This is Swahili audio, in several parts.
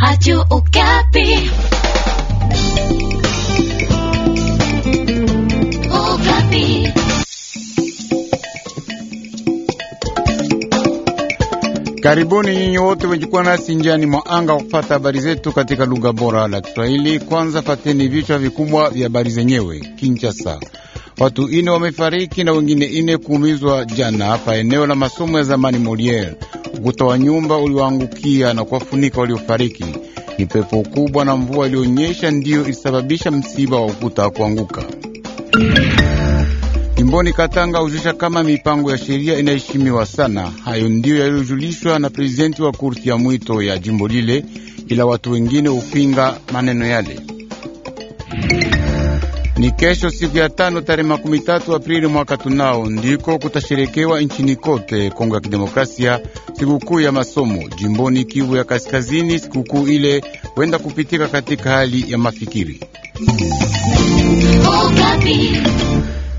Radio Okapi. Okapi. Karibuni nyinyi wote wejikuwa nasi njiani mwa anga wa kupata habari zetu katika lugha bora la Kiswahili. Kwanza fateni vichwa vikubwa vya habari zenyewe. Kinshasa, watu ine wamefariki na wengine ine kuumizwa jana hapa eneo la masomo ya zamani Moliere ukuta wa nyumba ulioangukia na kuwafunika waliofariki. Ni pepo kubwa na mvua iliyonyesha ndiyo ilisababisha msiba wa ukuta kuanguka. Jimboni Katanga huzisha kama mipango ya sheria inaheshimiwa sana. Hayo ndiyo yaliyojulishwa na prezidenti wa kurti ya mwito ya jimbo lile, ila watu wengine hupinga maneno yale. Ni kesho siku ya tano tarehe makumi tatu Aprili mwaka tunao, ndiko kutasherekewa nchini kote Kongo ya Kidemokrasia sikukuu ya masomo jimboni Kivu ya Kaskazini. Sikukuu ile huenda kupitika katika hali ya mafikiri.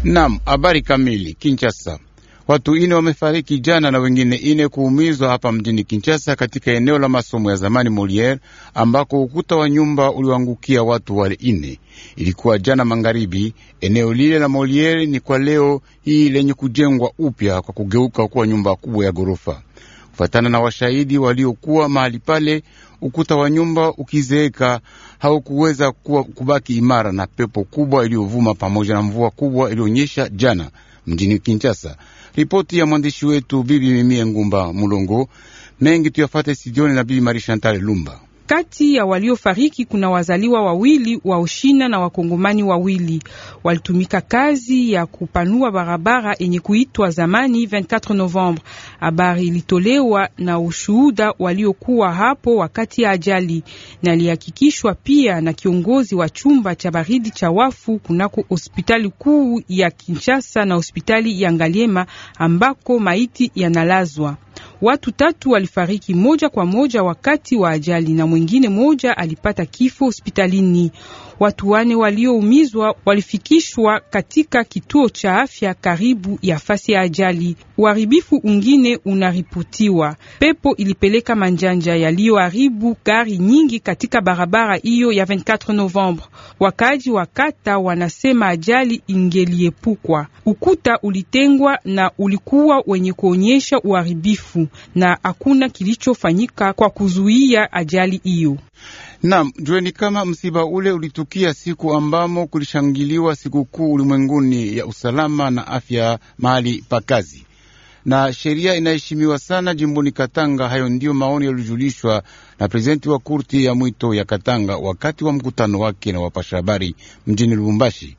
Nam, habari kamili. Kinshasa, watu ine wamefariki jana na wengine ine kuumizwa hapa mjini Kinshasa, katika eneo la masomo ya zamani Moliere, ambako ukuta wa nyumba uliwangukia watu wale ine. Ilikuwa jana magharibi. Eneo lile la Moliere ni kwa leo hii lenye kujengwa upya kwa kugeuka kuwa nyumba kubwa ya ghorofa. Kufatana na washahidi waliokuwa mahali pale, ukuta wa nyumba ukizeeka haukuweza kubaki imara na pepo kubwa iliyovuma pamoja na mvua kubwa iliyonyesha jana mjini Kinshasa. Ripoti ya mwandishi wetu Bibi Mimie Ngumba Mulongo. Mengi tuyafate studioni na Bibi Mari Chantal Lumba. Kati ya waliofariki kuna wazaliwa wawili wa Ushina na wakongomani wawili walitumika kazi ya kupanua barabara yenye kuitwa zamani 24 Novembre. Habari ilitolewa na ushuhuda waliokuwa hapo wakati ya ajali na ilihakikishwa pia na kiongozi wa chumba cha baridi cha wafu kunako hospitali kuu ya Kinshasa na hospitali ya Ngaliema ambako maiti yanalazwa. Watu tatu walifariki moja kwa moja wakati wa ajali na mwingine moja alipata kifo hospitalini. Watu wane walioumizwa walifikishwa katika kituo cha afya karibu ya fasi ya ajali. Uharibifu ungine unaripotiwa. Pepo ilipeleka manjanja yaliyoharibu gari nyingi katika barabara hiyo ya 24 Novembre. Wakaaji wa kata wanasema ajali ingeliepukwa. Ukuta ulitengwa na ulikuwa wenye kuonyesha uharibifu na hakuna kilichofanyika kwa kuzuia ajali hiyo nam jueni kama msiba ule ulitukia siku ambamo kulishangiliwa sikukuu ulimwenguni ya usalama na afya mahali pa kazi na sheria inaheshimiwa sana jimboni Katanga. Hayo ndiyo maoni yalijulishwa na prezidenti wa kurti ya mwito ya Katanga wakati wa mkutano wake na wapasha habari mjini Lubumbashi.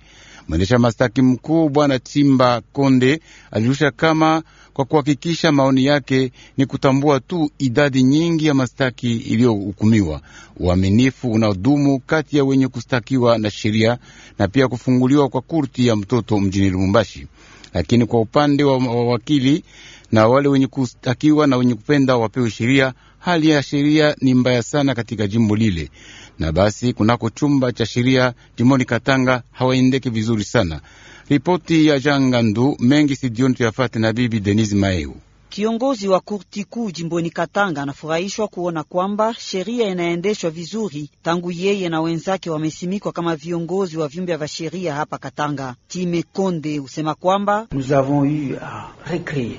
Mwendesha mastaki mkuu Bwana Timba Konde alirusha kama kwa kuhakikisha maoni yake ni kutambua tu idadi nyingi ya mastaki iliyohukumiwa, uaminifu unaodumu kati ya wenye kustakiwa na sheria, na pia kufunguliwa kwa kurti ya mtoto mjini Lubumbashi lakini kwa upande wa wawakili na wale wenye kustakiwa na wenye kupenda wapewe sheria. Hali ya sheria ni mbaya sana katika jimbo lile, na basi kunako chumba cha sheria jimboni Katanga hawaendeki vizuri sana. Ripoti ya Jangandu mengi sidioni tuyafate na Bibi Denise Maeu. Kiongozi wa kurti kuu jimboni Katanga anafurahishwa kuona kwamba sheria inaendeshwa vizuri tangu yeye na wenzake wamesimikwa kama viongozi wa vyumba vya sheria hapa Katanga. Time Konde husema kwamba nous avons eu a recreer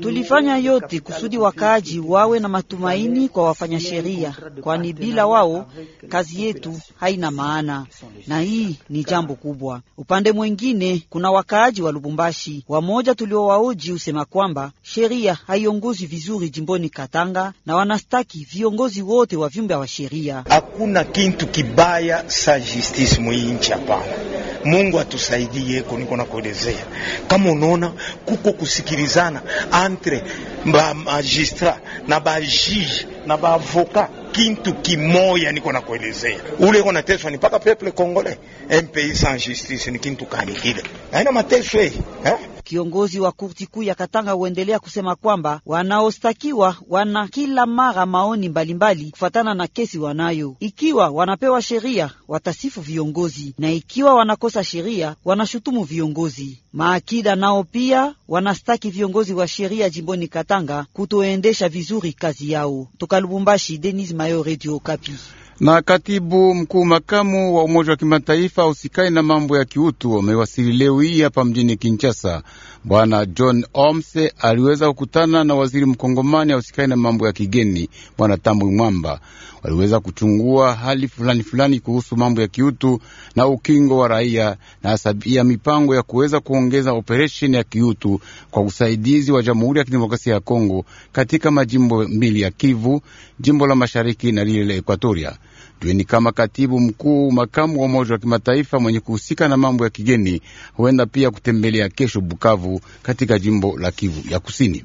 Tulifanya yote kusudi wakaaji wawe na matumaini kwa wafanya sheria kwani bila wao kazi yetu haina maana, na hii ni jambo kubwa. Upande mwingine, kuna wakaaji wa Lubumbashi wamoja tuliowaoji husema kwamba sheria haiongozi vizuri jimboni Katanga, na wanastaki viongozi wote wa vyumba wa sheria. Hakuna kintu kibaya sa justice mwinchi, hapana. Mungu atusaidie, na kuelezea kama unaona kuko kusikilizana entre ba magistrat na ba juge na ba avocat kintu kimoya niko kuelezea ule ko nateswa ni paka peuple congolais, pays sans justice ni kintu kani kile, aina mateso eh. Kiongozi wa kurti kuu ya Katanga huendelea kusema kwamba wanaostakiwa wana kila mara maoni mbalimbali kufatana na kesi wanayo. Ikiwa wanapewa sheria watasifu viongozi, na ikiwa wanakosa sheria wanashutumu viongozi. Maakida nao pia wanastaki viongozi wa sheria jimboni Katanga kutoendesha vizuri kazi yao. Toka Lubumbashi, Denis Mayo, Radio Kapi. Na katibu mkuu makamu wa Umoja wa Kimataifa usikai na mambo ya kiutu amewasili leo hii hapa mjini Kinshasa. Bwana John Oms aliweza kukutana na waziri mkongomani ausikai na mambo ya kigeni Bwana Tambwe Mwamba waliweza kuchungua hali fulani fulani kuhusu mambo ya kiutu na ukingo wa raia na asabia mipango ya kuweza kuongeza operesheni ya kiutu kwa usaidizi wa Jamhuri ya Kidemokrasia ya Kongo katika majimbo mbili ya Kivu, jimbo la mashariki na lile la Ekuatoria. Jueni kama katibu mkuu makamu wa Umoja wa Kimataifa mwenye kuhusika na mambo ya kigeni huenda pia kutembelea kesho Bukavu katika jimbo la Kivu ya Kusini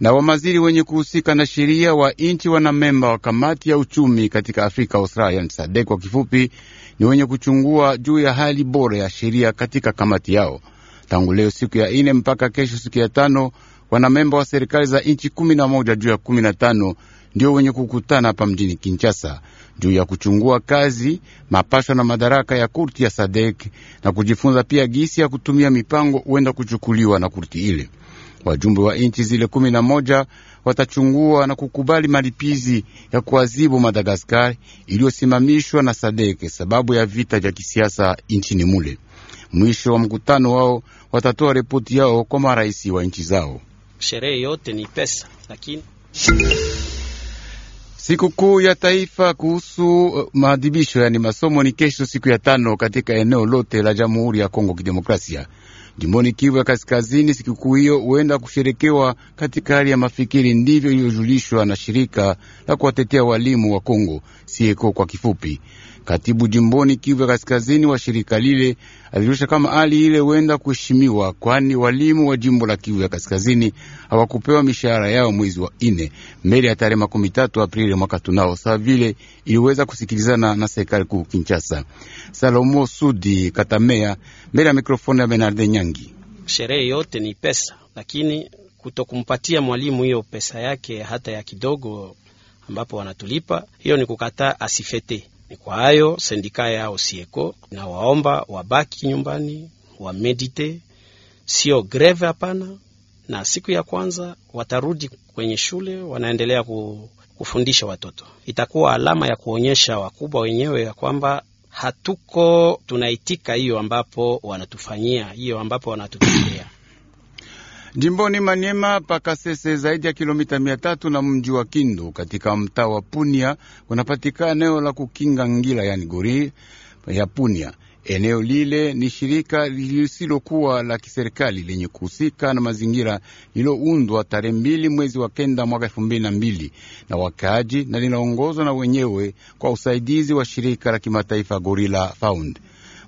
na wamaziri wenye kuhusika na sheria wa nchi wanamemba wa kamati ya uchumi katika Afrika Australia, SADC kwa kifupi, ni wenye kuchungua juu ya hali bora ya sheria katika kamati yao. Tangu leo siku ya ine mpaka kesho siku ya tano, wanamemba wa serikali za nchi kumi na moja juu ya kumi na tano ndio wenye kukutana hapa mjini Kinshasa juu ya kuchungua kazi, mapashwa na madaraka ya kurti ya sadek na kujifunza pia gisi ya kutumia mipango huenda kuchukuliwa na kurti ile. Wajumbe wa inchi zile kumi na moja watachungua na kukubali malipizi ya kuazibu madagaskar iliyosimamishwa na Sadeke sababu ya vita vya kisiasa inchini mule. Mwisho wa mkutano wao watatoa ripoti yao kwa marais wa nchi zao. Sherehe yote ni pesa, lakini sikukuu ya taifa kuhusu eh, maadhibisho yani masomo ni kesho, siku ya tano katika eneo lote la Jamhuri ya Kongo Kidemokrasia. Jimboni Kivu ya Kaskazini, sikukuu hiyo huenda kusherekewa katika hali ya mafikiri. Ndivyo iliyojulishwa na shirika la kuwatetea walimu wa Kongo, sieko kwa kifupi. Katibu jimboni Kivu ya kaskazini wa shirika lile alijulisha kama hali ile huenda kuheshimiwa, kwani walimu wa jimbo la Kivu ya kaskazini hawakupewa mishahara yao mwezi wa ine mbele ya tarehe makumi tatu Aprili mwaka tunao, saa vile iliweza kusikilizana na serikali kuu Kinshasa. Salomo Sudi Katamea mbele ya mikrofoni ya Benarde Nyangi. Sherehe yote ni pesa, lakini kutokumpatia mwalimu hiyo pesa yake hata ya kidogo ambapo wanatulipa hiyo ni kukataa asifete ni kwa hayo sendika yao sieko na waomba wabaki nyumbani, wamedite, sio greve, hapana. Na siku ya kwanza watarudi kwenye shule, wanaendelea ku kufundisha watoto. Itakuwa alama ya kuonyesha wakubwa wenyewe ya kwamba hatuko tunaitika hiyo ambapo wanatufanyia hiyo ambapo wanatutendea. Jimboni paka Pakasese, zaidi ya kilomita mia tatu na mji wa Kindu katika mtaa wa Punia kunapatikana eneo la kukinga ngila, yani gori ya Punia. Eneo lile ni shirika lisilokuwa la kiserikali lenye kuhusika na mazingira lililoundwa tarehe mbili mwezi wa kenda mwaka elfu mbili na mbili na wakaaji na linaongozwa na wenyewe kwa usaidizi wa shirika la kimataifa Gorilla Fund.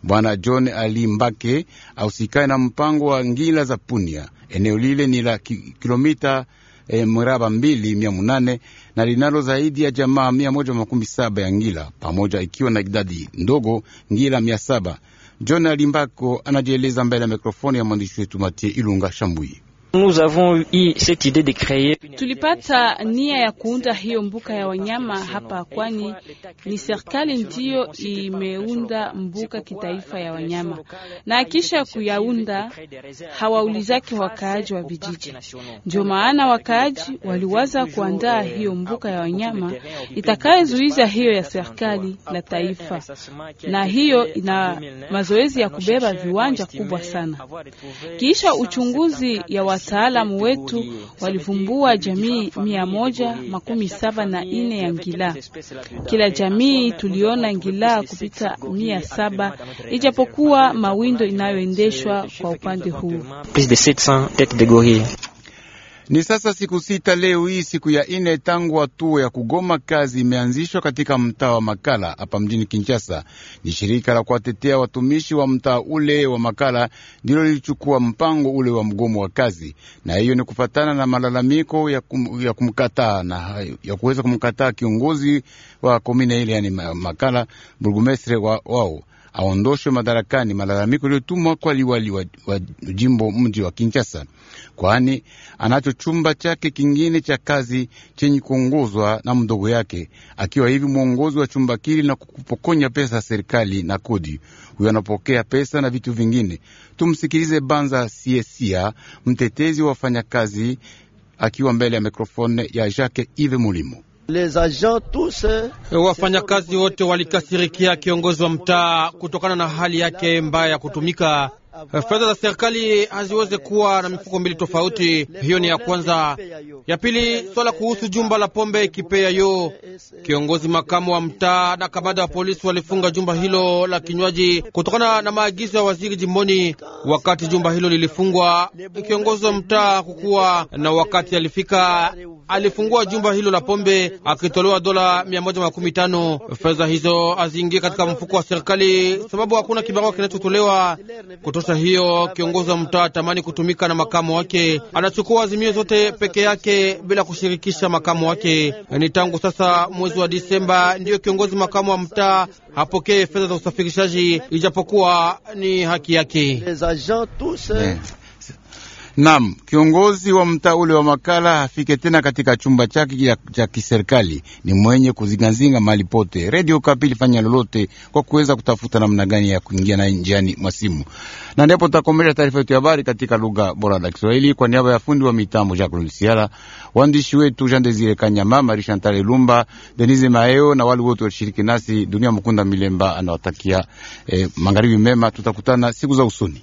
Bwana John Ali Mbake ausikane na mpango wa ngila za Punia. Eneo lile ni la kilomita E, mraba mbili mia munane na linalo zaidi ya jamaa mia moja makumi saba ya ngila pamoja ikiwa na idadi ndogo ngila mia saba. John Alimbako anajieleza mbele ya mikrofoni ya mwandishi wetu Matie Ilunga Shambui. Nous avons eu cette idée de créer. Tulipata nia ya kuunda hiyo mbuka ya wanyama hapa, kwani ni serikali ndiyo imeunda mbuka kitaifa ya wanyama, na kisha kuyaunda hawaulizake wakaaji wa vijiji. Ndio maana wakaaji waliwaza kuandaa hiyo mbuka ya wanyama itakayezuiza hiyo ya serikali la taifa, na hiyo ina mazoezi ya kubeba viwanja kubwa sana, kisha uchunguzi ya wasi wataalamu wetu walivumbua jamii mia moja makumi saba na nne ya ngila. Kila jamii tuliona ngila kupita mia saba ijapokuwa mawindo inayoendeshwa kwa upande huu. Ni sasa siku sita leo hii siku ya ine tangu hatua ya kugoma kazi imeanzishwa katika mtaa wa Makala hapa mjini Kinshasa. Ni shirika la kuwatetea watumishi wa mtaa ule wa Makala ndilo lilichukua mpango ule wa mgomo wa kazi, na hiyo ni kufatana na malalamiko ya, kum, ya kumkataa na ya kuweza kumkataa kiongozi wa komine ile, yani Makala, burgumestre wao aondoshwe madarakani, malalamiko yaliyotumwa kwa liwali wa, wa jimbo mji wa Kinshasa kwani anacho chumba chake kingine cha kazi chenye kuongozwa na mdogo yake, akiwa hivi mwongozi wa chumba kili na kupokonya pesa serikali na kodi. Huyo anapokea pesa na vitu vingine. Tumsikilize Banza Siesia, mtetezi wa wafanyakazi, akiwa mbele ya mikrofone ya Jacques Ive Mulimo. Eh, wafanyakazi wote walikasirikia kiongozi wa mtaa kutokana na hali yake mbaya ya kutumika fedha za serikali haziweze kuwa na mifuko mbili tofauti. Hiyo ni ya kwanza. Ya pili, swala kuhusu jumba la pombe kipea yo, kiongozi makamu wa mtaa na kamanda wa polisi walifunga jumba hilo la kinywaji kutokana na maagizo ya waziri jimboni. Wakati jumba hilo lilifungwa, kiongozi wa mtaa kukuwa na wakati alifika alifungua jumba hilo la pombe akitolewa dola mia moja makumi tano. Fedha hizo haziingie katika mfuko wa serikali sababu hakuna kibarua kinachotolewa kutosha fursa hiyo, kiongozi wa mtaa tamani kutumika na makamu wake, anachukua azimio zote peke yake bila kushirikisha makamu wake. Ni tangu sasa mwezi wa Disemba ndiyo kiongozi makamu wa mtaa hapokee fedha za usafirishaji, ijapokuwa ni haki yake. Nam kiongozi wa mtaa ule wa Makala afike tena katika chumba chake cha kiserikali, ni mwenye kuzingazinga mali pote. Radio Kapi ilifanya lolote kwa kuweza kutafuta namna gani ya kuingia na njiani mwa simu, na ndipo tutakomesha taarifa yetu ya habari katika lugha bora la Kiswahili. Kwa niaba ya fundi wa mitambo Jacques Lusiala, waandishi wetu Jean Desire Kanyama, Marisha Ntale Lumba, Denise Maeo na wale wote walishiriki nasi, Dunia Mkunda Milemba anawatakia eh, magharibi mema. Tutakutana siku za usoni.